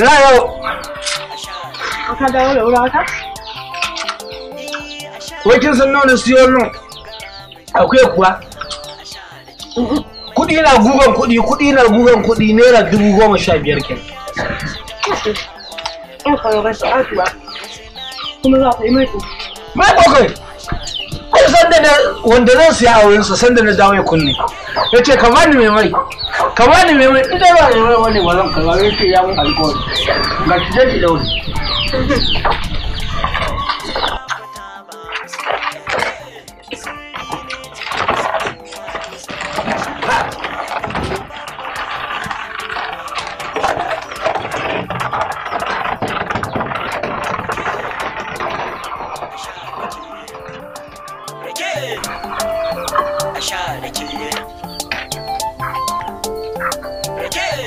Rayo. Aka dawo da wuri haka? Wai kin san Kuɗi na gugan kuɗi, na gugan naira dubu goma sha biyar kenan. In ka kuma za yi mai Mai na wanda zan siya a wurinsa sanda na dawo ya kunne ya ce ka bani mai mai ka bani mai mai ita ba mai mai wani ba zan kaza ya ce ya mun alkawari ga ki je ki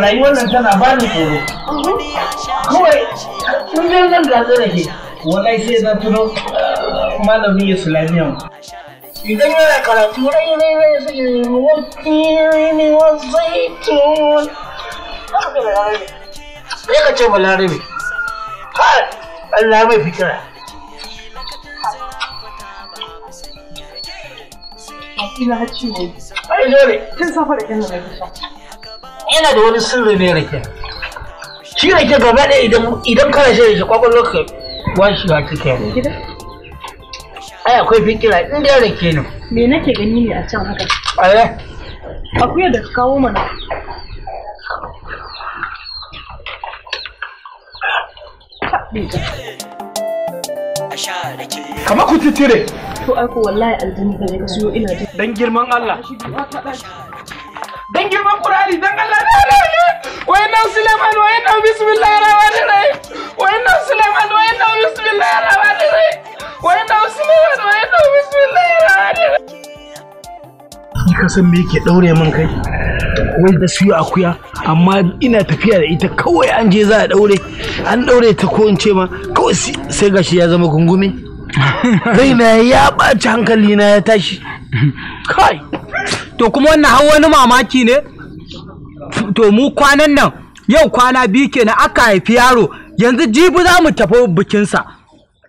rayuwar nan tana ba ni tsoro kawai kun ga nan ga da ke wallahi sai na tuno ya uh, islamiyan idan yana karatu rai rai rai sai wakili wa zaitun ne ya ka ce balarabe Allah mai fikira ina ciwo da yana da wani sirri ne rake shi rake gaba ɗaya idan idan kana shi shi ƙwaƙwalwar ka washi ba cikin ne ai akwai fikira in dai rake ne me nake gani ne a can haka ai akwai kawo mana Kama ku titire. to ai ko wallahi aljini ba je ka siyo ina ji dan girman Allah dan girman Qur'ani dan Allah wayannan Suleiman wayannan bismillahir rahmanir rahim wayannan Suleiman wayannan bismillahir rahmanir rahim Sulaiman Suleiman wayannan bismillahir rahmanir rahim ni ka san me yake daure min kai wai da su akuya amma ina tafiya da ita kawai an je za a daure an daure ta ko in ce ma kawai sai gashi ya zama gungume raina ya ɓaci hankali na ya tashi kai to kuma wannan har wani mamaki ne to mu kwanan nan yau kwana biyu kenan aka haifi yaro yanzu jibi za mu tafi bikinsa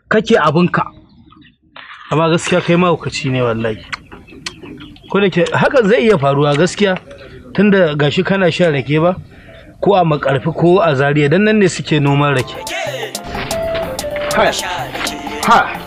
kake abinka amma gaskiya kai mahaukaci ne wallahi ko da ke haka zai iya faruwa gaskiya tunda gashi kana shan rake ba ko a makarfi ko a zariya dan nan ne suke noman rake ha ha